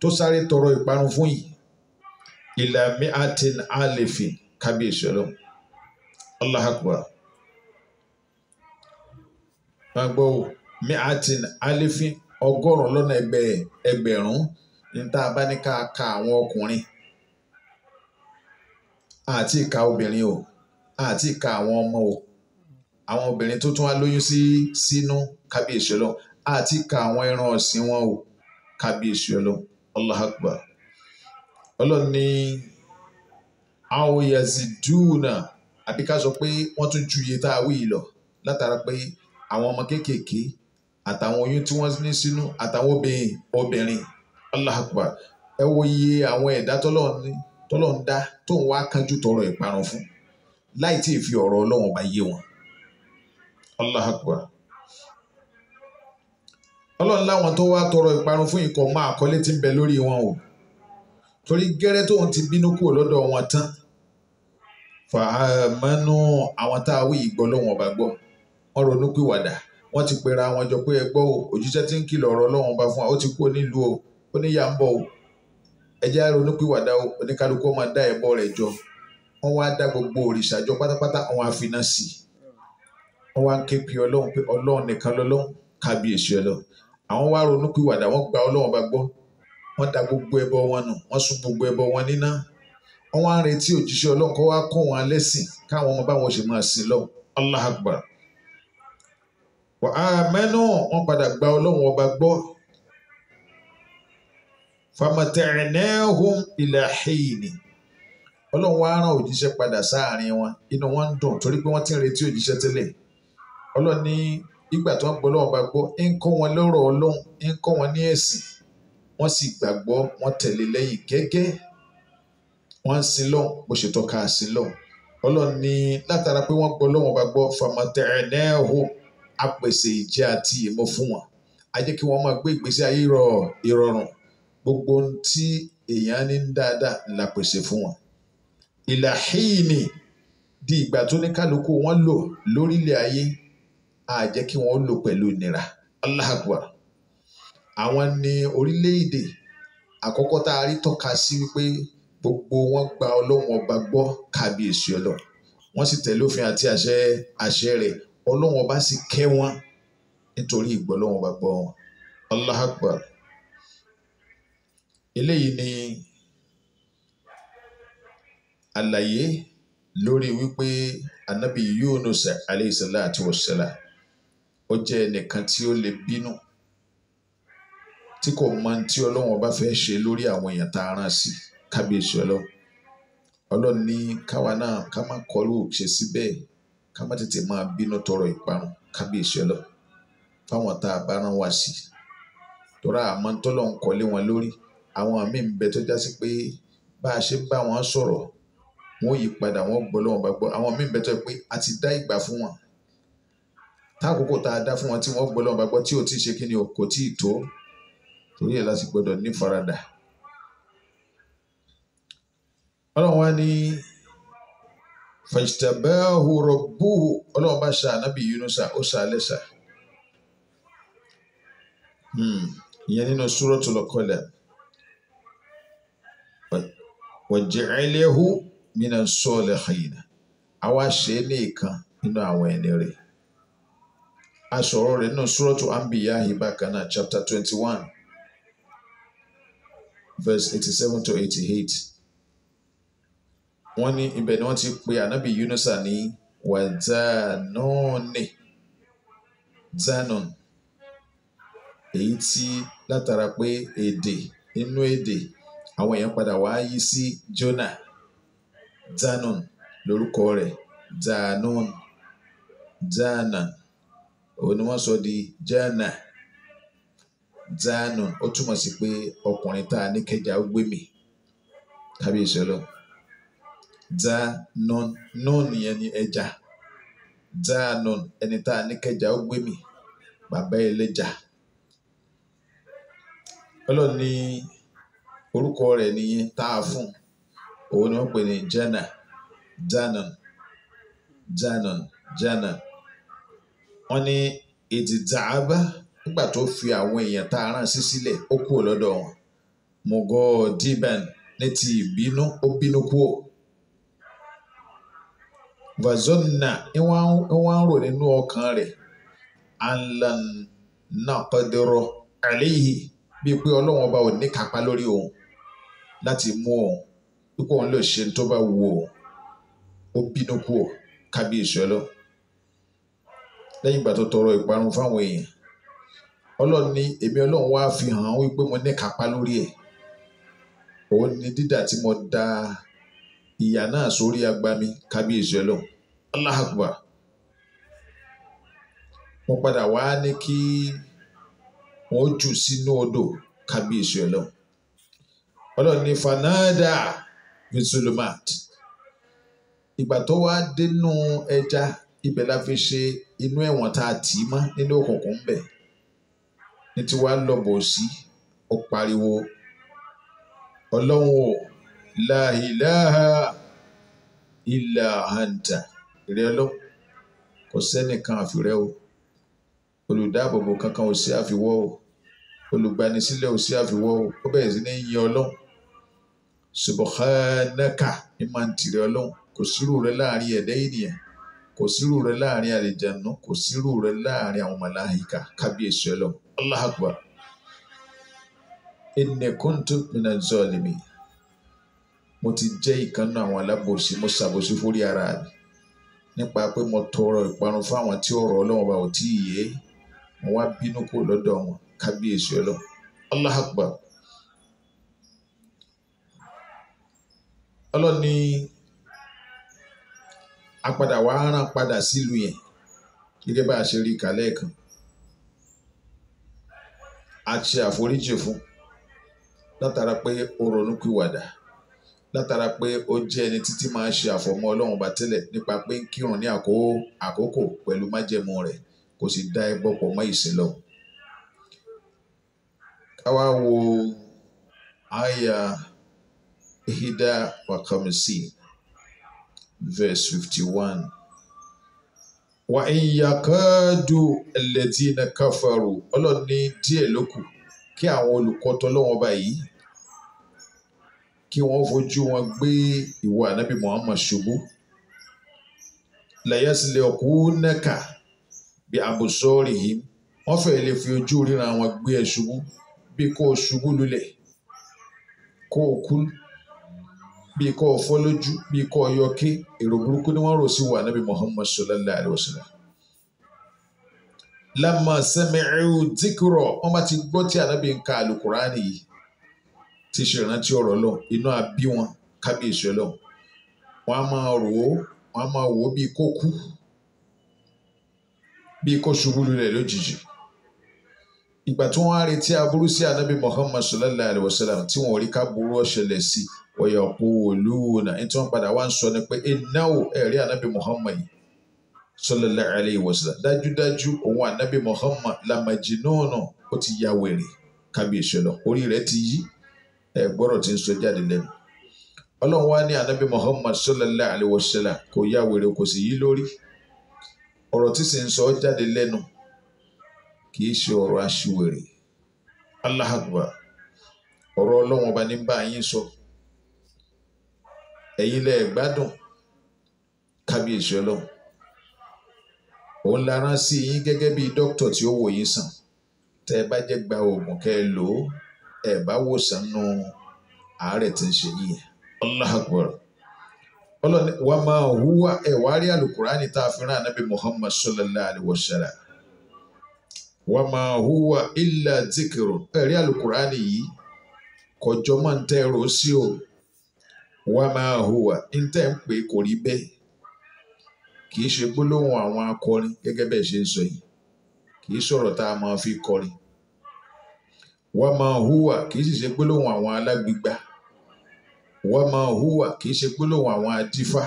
tó sáré tọrọ ìparun fún yìí ìlàmí àtin àlefi kábíyèsí ọlọ́run allah akbar máa gbọ́ o mi àtin àlefi ọgọ́rùn-ún lọ́nà ẹgbẹ̀rún ní tá a bá ní ká ka àwọn ọkùnrin àti ìka obìnrin o àti ìka àwọn ọmọ o àwọn obìnrin tó tún wá lóyún sí sínú kábíyèsí ọlọ́run àti ìka àwọn ẹran ọ̀sìn wọn o kábíyèsí ọlọ́run allah akbar ọlọ́run ní àwọn òyàzì dùnà àbí ká sọ pé wọ́n tún ju iye tá a wí lọ látara pé àwọn ọmọ kéékèèké àtàwọn oyún tí wọ́n ní sínú àtàwọn obìnrin obìnrin Allah akbar ẹ wo iye àwọn ẹ̀dá tọ́lọ́run dá tóun wá kánjú tọrọ ìparun fún láì tí ì fi ọ̀rọ̀ ọlọ́run bá yé wọn Allah akbar ọlọ́run láwọn tó wá tọrọ ìparun fún ìkọ̀ àkọlé tí ń bẹ lórí wọn o torí gẹ́rẹ́ tóun ti bínú kúrò lọ́dọ̀ wọn tán fàámánú àwọn tá a wí ìgbọ́ lọ́wọ́n ọba gbọ́ wọ́n ronú pìwàdà wọ́n ti pera wọn jọ pé ẹgbọ́ o òjíṣẹ́ tí ń kìlọ̀ ọ̀rọ̀ lọ́wọ́n ọba fún wa ó ti kú onílùú o ó ní yà ń bọ̀ o ẹjẹ́ ronú pìwàdà o oníkálukú ọmọ dá ẹbọ rẹ̀ jọ wọ́n wá dá gbogbo òrìṣà jọ pátápátá wọn àfinà sí i wọ́n wá ń ké pe ọlọ́run pé ọlọ́run nìkan lọ́lọ́run kábíyèsí ọlọ́run àwọn wá ronú pìwàdà wọ́n gba ọlọ́run ọba gbọ́ wọ́n da gbogbo ẹbọ wọn nù wọ́n sun gbogbo ẹbọ wọn níná wọ́n wá ń retí òjíṣẹ́ ọlọ́run kó wá kọ́ wọn lẹ́sìn káwọn ọmọ báwọn ṣe máa sìn lọ́wọ́ allah akbar àmẹ́nu wọn padà gba ọlọ́run ọba gbọ́ famatẹ̀rẹ̀nẹ́hùn ilẹ̀ hìní ọlọ́run wá rán òjíṣẹ́ padà sáàrin wọn inú wọn ń dùn torí pé wọ́n ti ń retí òjíṣẹ́ tẹ́lẹ̀ ọlọ́run ní ìgbà tí wọ́n gbọ́ ọlọ́run ọba gbọ́ ń kọ́ wọn lọ́rọ̀ ọlọ́run ń kọ́ wọn ní ẹ̀sìn wọ́n sì gbàgbọ́ wọ́n tẹ̀lé lẹ́yìn gẹ́gẹ́ wọ́n ń sin lọ́hùn bó ṣe tọ́ka sí lọ́hùn ọlọ́run ní látara pé wọ́n gbọ́ lọ́wọ́n bá gbọ́ famatẹ̀rẹ̀nẹ́hù apèsè ìjẹ àti ìmọ̀ fún wọn á jẹ́ kí wọ́n máa gbé ìgbésí ayé ìrọ̀rùn gbogbo tí èèyàn ní dáadáa la pèsè fún wọn. ìlàhíìnì di ìgbà tó ní kálukú wọn lò lórílẹ̀ ayé á jẹ́ kí wọ́n lò pẹ̀lú ìnira Allahu àwọn ni orílẹ̀-èdè àkọ́kọ́ tá a rí tọ́ka sí wípé gbogbo wọn gba ọlọ́run ọba gbọ́ kábíyèsí ọlọ́run wọ́n sì tẹ̀lé òfin àti àṣẹ àṣẹ rẹ̀ ọlọ́run ọba sì kẹ́ wọn nítorí ìgbọ́ ọlọ́run ọba gbọ́ wọn Allahu Akbar eléyìí ni àlàyé lórí wípé anabi Yunus alayhi salatu wassalam ó jẹ́ ẹnìkan tí ó lè bínú tí kò mọ tí ọlọ́run ọba fẹ́ ṣe lórí àwọn èèyàn tá a rán sí kábíyèsí ọlọ́run ọlọ́run ní káwa náà ká má kọrú òkè síbẹ̀ ká má tètè máa bínú tọrọ ìparun kábíyèsí ọlọ́run fáwọn tá a bá rán wá sí tọ́ra àmọ́ tọ́lọ̀ ń kọ́lé wọn lórí àwọn míì ń bẹ tó já sí pé bá a ṣe bá wọn sọ̀rọ̀ wọn ò yí padà wọn gbọ́ lọ́wọ́ bá gbọ́ àwọn míì ń bẹ tó yẹ pé a ti dá ìgbà fún wọn táàkókò tá a dá fún wọn tí wọ́n gbọ́ lọ́wọ́ bá gbọ́ tí ò tí ì ṣe kí ni o kò tí ì tó torí ẹ̀ láti gbọ́dọ̀ ní faradà ọlọ́run wá ní fajtabahu rabbuhu ọlọ́run bá ṣe Yunusa ó ṣe alẹ́ hmm, ìyẹn nínú Suratul Qalam waj'alahu minas salihin àwa ṣe é nínú àwọn ẹni rẹ̀ a sọ̀rọ̀ rẹ̀ nínú Suratul Anbiya bákan náà chapter twenty one. verses 87-88 wọn ni ibe ni wọn ti pe anọbi yunosa ni wa daanọọni daanọọni eyi ti latara pe ede inu ede awon eyan padawa a yi si jọna daanọọni loruko re daanọọni daanọọni oníwọsọdụ jaana zanun ó túmọ̀ sí pé ọkùnrin tá a ní kẹjà ó mi kábíyèsí ọlọ́run zanun non, yẹn ni ẹja zanun ẹni tá a ní kẹjà ó mi bàbá ẹlẹ́jà ọlọ́run ní orúkọ rẹ̀ nìyẹn tá a fún òun ni wọ́n pè ní jana janan janan janan wọ́n ní ètìtàábá nígbà tó fi àwọn èèyàn tá a ránṣẹ́ sílẹ̀ ó kúrò lọ́dọ̀ wọn Mughodiban ní ti ìbínú ó bínú kúrò vazonna ni wọ́n ń rò nínú ọkàn rẹ̀ anlan naqdira alayhi bíi pé ọlọ́wọ́n ọba ò ní kápá lórí òun láti mú òun pípọ̀ òun lè ṣe tó bá wù òun ó bínú kúrò kábíyèsí ọlọ́ lẹ́yìn ìgbà tó tọrọ ìparun fáwọn èèyàn ọlọ́run ní èmi ọlọ́run wá fi hàn án wípé mo ní kápá lórí ẹ̀ òun ni dídà tí mo da ìyà náà sórí agbami kábíyèsí ọlọ́run Allahu Akbar mo padà wá ní kí wọ́n jù sínú odò kábíyèsí ọlọ́run ọlọ́run ní fanada mitulumat ìgbà tó wá dénú ẹja ibẹ̀ la fi ṣe inú ẹ̀wọ̀n tá a tì í mọ́ nínú òkùnkùn bẹ́ẹ̀ ní tí wàá lọ̀bọ̀ sí ó pariwo ọlọ́run o la ilaha illa anta ìrẹ́ ọlọ́run kò sẹ́nìkan àfìrẹ́ o olùdáàbòbò kankan ò sí àfiwọ́ o olùgbanisílẹ̀ ò sí àfiwọ́ o ó bẹ̀rẹ̀ sí ní yin ọlọ́run subhanaka ìmọ̀ ntìrẹ́ ọlọ́run kò sírù rẹ láàrin ẹ̀dá ènìyàn kò sírú rẹ̀ láàrin àlìjànú kò sírú rẹ̀ láàrin àwọn màláìka kábíyèsí ọlọ Allahu Akbar inni kuntu mina zalimi mo ti jẹ́ ìkànnà àwọn alábòsí mo ṣàbòsí fórí ara mi nípa pé mo tọrọ ìparun fún àwọn tí ọ̀rọ̀ Ọlọ́run bá ò tí ì yé mo wá bínú kò lọ́dọ̀ wọn kábíyèsí ọlọ Allahu Akbar a padà wá rán padà sílùú yẹn gẹ́gẹ́ bá a ṣe rí kálẹ̀ kan a ṣe àforíjì fún látara pé ó ronúpìwàdà látara pé ó jẹ́ ẹni títí máa ṣe àfọ̀mọ́ ọlọ́run bá tẹ́lẹ̀ nípa pé ń kírun ní àkókò pẹ̀lú májẹ̀mú rẹ̀ kò sì dá ẹbọ pọ̀ mọ́ ìsìn lọ. káwá wo àyà ìhídà wàkàmùsí verse fifty one. wà á yàkáàdù alladhina kafaru ọlọ́run ní díẹ̀ ló kù kí àwọn olùkọ́ tọ́lọ́wọ́n báyìí kí wọ́n fojú wọn gbé ìwà ànábì Muhammad ṣubú lẹ́yẹsílẹ̀ ọ̀kú nẹ́ka bí abùsọ́ọ̀rì yìí wọ́n fẹ́ẹ́ lè fi ojú ríran wọn gbé ẹ ṣubú bí kò ṣubú lulẹ̀ kó kú bíi kọ́ ọ̀fọ́ lójú bíi kọ́ ọ̀yọ́kí èrò burúkú ni wọ́n rò sí wa nabi muhammad sallallahu alayhi wa sallam. lamma sami'u dhikra wọ́n bá ti gbọ́ tí ànábì ń ka alukurani yìí ti ṣe ìrántí ọ̀rọ̀ lọ inú àbí wọn kábíyèsí ọlọ́run wọ́n á máa rò ó wọ́n á máa wò ó bíi kó kú bíi kó ṣubú lulẹ̀ lójijì ìgbà tí wọ́n á retí aburú sí ànábì muhammad sallallahu alayhi wa sallam tí wọ́n rí ká burú ó sí i wọ̀yọ̀kúlùúnà ẹni tí wọ́n padà wá ń sọ ni pé ináwó ẹ̀rí ànábì Muhammad sallallahu alayhi wa sallam dájúdájú òun ànábì Muhammad lamajinúnà ó ti ya wèrè kábíyèsí lọ orí rẹ̀ ti yí ẹ gbọ́dọ̀ ti ń sọ jáde lẹ́nu ọlọ́run wá ní ànábì Muhammad sallallahu alayhi wa kò ya wèrè kò sì yí lórí ọ̀rọ̀ tí sì ń sọ jáde lẹ́nu kì í ṣe ọ̀rọ̀ aṣiwèrè Allah ọ̀rọ̀ ọlọ́run ọba ní bá yín sọ. ẹ̀yin lẹ gbádùn kábíyèsí ọlọ́run òun la lara sí yín gẹ́gẹ́ bí dókítà tí ó wò yín sàn tẹ́ ẹ bá jẹ́ gba oògùn kẹ́ ẹ lò ó ẹ bá wòsàn nù àárẹ̀ tí ń ṣe yìí ọlọ́ni wa máa hùwà ẹ̀ wá rí alukurani tá a fi rán anabi Muhammad wa máa hùwà illa rí alukurani yìí kọjọ́ máa ń tẹ́ wá máa hùwà ntẹ̀ ń pè kò rí bẹ́ẹ̀ kì í ṣe gbólóhùn àwọn akọrin gẹ́gẹ́ bẹ́ẹ̀ ṣe ń sọ yìí kì í sọ̀rọ̀ tá a máa fi kọrin wá máa hùwà kì í sì ṣe gbólóhùn àwọn alágbígbá wá máa hùwà kì í ṣe gbólóhùn àwọn adífá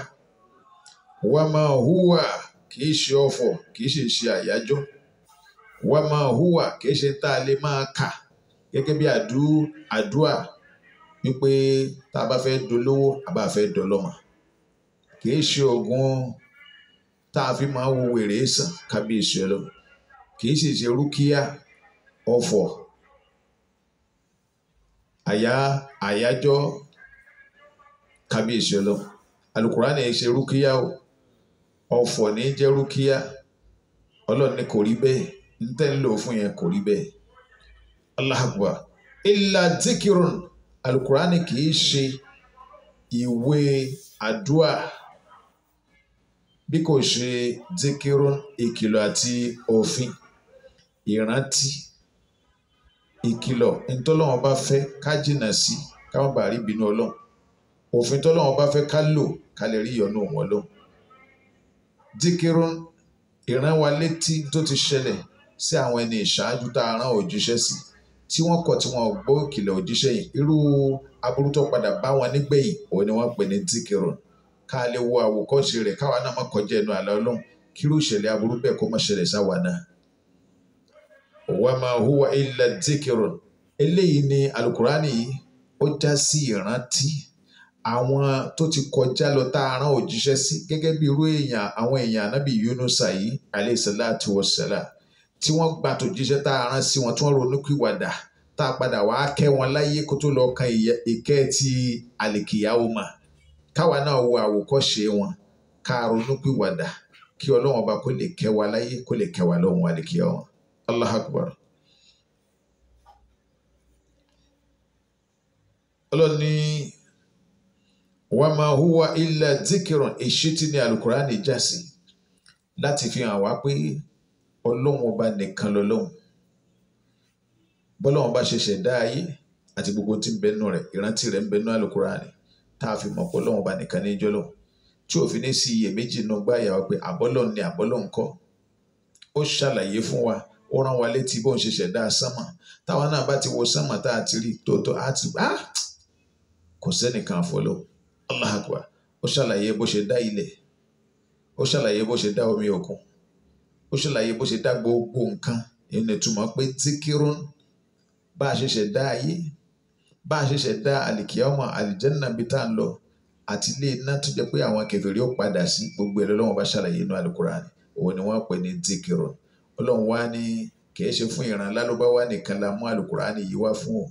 wá máa hùwà kì í ṣe ọ̀fọ̀ kì í sì ṣe àyájọ́ wá máa hùwà kì í ṣe tá a lè máa kà gẹ́gẹ́ bí àdúrà wípé tá a bá fẹ́ dolówó a bá fẹ́ dọlọ́mọ kìí ṣe oògùn tá a fi máa wo wèrè sàn kábíyèsí ọlọ́run kìí sì ṣe rúkìá ọ̀fọ̀ àyà àyájọ́ kábíyèsí alukurani ṣe rúkìá ọ̀fọ̀ ní jẹ́ rúkìá ọlọ́run ní kò rí bẹ́ẹ̀ tẹ́ alukurani kì í ṣe ìwé àdúà bí kò ṣe díkírò ìkìlọ̀ àti òfin ìrántí ìkìlọ̀ ntọ́lọ́wọ́n bá fẹ́ ká jìnnà sí ká má bàa rí ìbínú ọlọ́run òfin tọ́lọ́wọ́n bá fẹ́ ká lò ká lè rí ìyọ́nú òun ọlọ́run díkírò ìránwalétí tó ti ṣẹlẹ̀ sí àwọn ẹni ìṣáájú tá a rán òjíṣẹ́ sí. Si tí wọ́n kọ̀ tí wọ́n gbọ́ ìkìlọ̀ òjíṣẹ́ yìí irú aburú tó padà bá wọn nígbẹ̀yìn òun ni wọ́n pè ní tíkìrùn ká lè wo àwòkọ́ṣe rẹ̀ káwa náà má kọjá ẹnu àlá ọlọ́run kí irú aburú bẹ́ẹ̀ kó má ṣẹlẹ̀ sáwa náà. wa ma huwa illa tíkìrùn eléyìí ni alukurani yìí ó já sí ìrántí àwọn tó ti kọjá lọ tá a rán òjíṣẹ́ sí gẹ́gẹ́ bí irú èèyàn àwọn èèyàn anábì Yunusa yìí alayhi salatu wassalam tí wọ́n gba tòjíṣẹ́ tá a rán sí wọn tí wọ́n ronúpìwàdà tá a padà wá kẹ́ wọn láyé kó tó lọ kan ìkẹ́ ti àlèkìyàwó mà káwa náà wo àwòkọ́ṣe wọn ká ronúpìwàdà kí ọlọ́run ọba kó lè kẹ́ wa láyé kó lè kẹ́ wa lọ́hùn àlèkìyàwó Allahu Akbar. ọlọ́run ní wa ma huwa illa dhikran èṣí tí ni alukurani já sí láti fi hàn wá pé ọlọ́run ọba nìkan lọ́lọ́run bọ́lọ́run bá ṣe ṣẹ̀dá ayé àti gbogbo tí ń bẹ nù rẹ̀ ìrántí rẹ̀ ń bẹ nù àlùkùránì tá a fi mọ̀ pé ọlọ́run ọba nìkan ní jọ́lọ́run tí òfin ní sí iyèméjì náà gbá ìyàwó pé àbọ́lọ́run ni àbọ́lọ́run kọ́ ó ṣàlàyé fún wa ó rán wa létí bóun ṣe ṣẹ̀dá sánmà táwa náà bá ti wo sánmà tá a ti rí tóótọ́ á ti bá kò sẹ́nìkan àfọlọ́ Allahu ó ṣàlàyé bó ṣe dá ilẹ̀ ó ṣàlàyé bó ṣe dá omi òkun ó ṣàlàyé bó ṣe dá gbogbo nǹkan ìyẹn ní ìtumọ̀ pé tíkírún bá a ṣẹ̀ṣẹ̀ dá ayé bá a ṣẹ̀ṣẹ̀ dá àlìkíyàmọ̀ àlìjẹ́nà bí tá à ń lọ àti ilé iná tó jẹ́ pé àwọn kèfèrí ó padà sí gbogbo ẹ̀ lọ́wọ́ bá ṣàlàyé inú alukurani òun ni wọ́n pè ní tíkírún ọlọ́run wá ní kì í ṣe fún ìran lálùbáwá nìkan la mú alukurani yìí wá fún o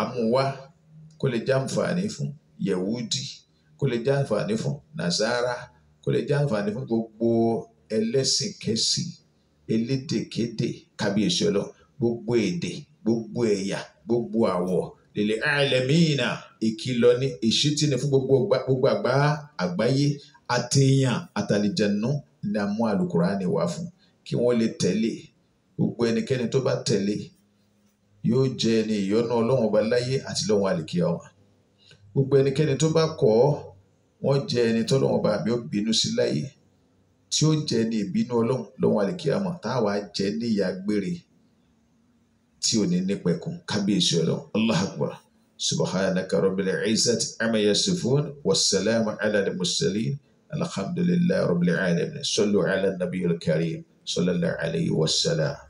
àmúwá kó lè jàǹfààní fún yẹ̀wúdì kó lè jàǹfààní fún nàzárà kó lè jàǹfààní fún gbogbo ẹlẹ́sìnkẹ́sì elédèkédè kábíyèsí ọlọ́run gbogbo èdè gbogbo ẹ̀yà gbogbo àwọ̀ lèlè àìlẹ́mìínà ìkìlọ̀ ní ìṣítí ni fún gbogbo àgbá àgbáyé àtẹ̀yàn àtàlìjẹ̀nú ni a mú àlùkùránì wá fún kí wọ́n lè tẹ̀lé gbogbo ẹnikẹ́ni tó bá tẹ̀lé yóò jẹ́ ẹni ìyọ́nú ọlọ́run ọba láyé àti lọ́wọ́ àlìkíyà wọn gbogbo ẹnikẹ́ni tó bá kọ̀ ọ́ wọ́n jẹ́ ẹni tọ́lọ́run ọba àbí ó bínú sí láyé tí ó jẹ ní ìbínú ọlọ́run lọ́wọ́ àlìkíyàmọ̀ táwa jẹ ní ìyà gbére tí ò ní nípẹ̀kùn kábíyèsí ọlọ́run Allahu Akbar subhanaka rabbil izzati amma yasifun wasalaamu ala al-mursalin alhamdulillahi rabbil alamin sallu ala nabiyil karim sallallahu alayhi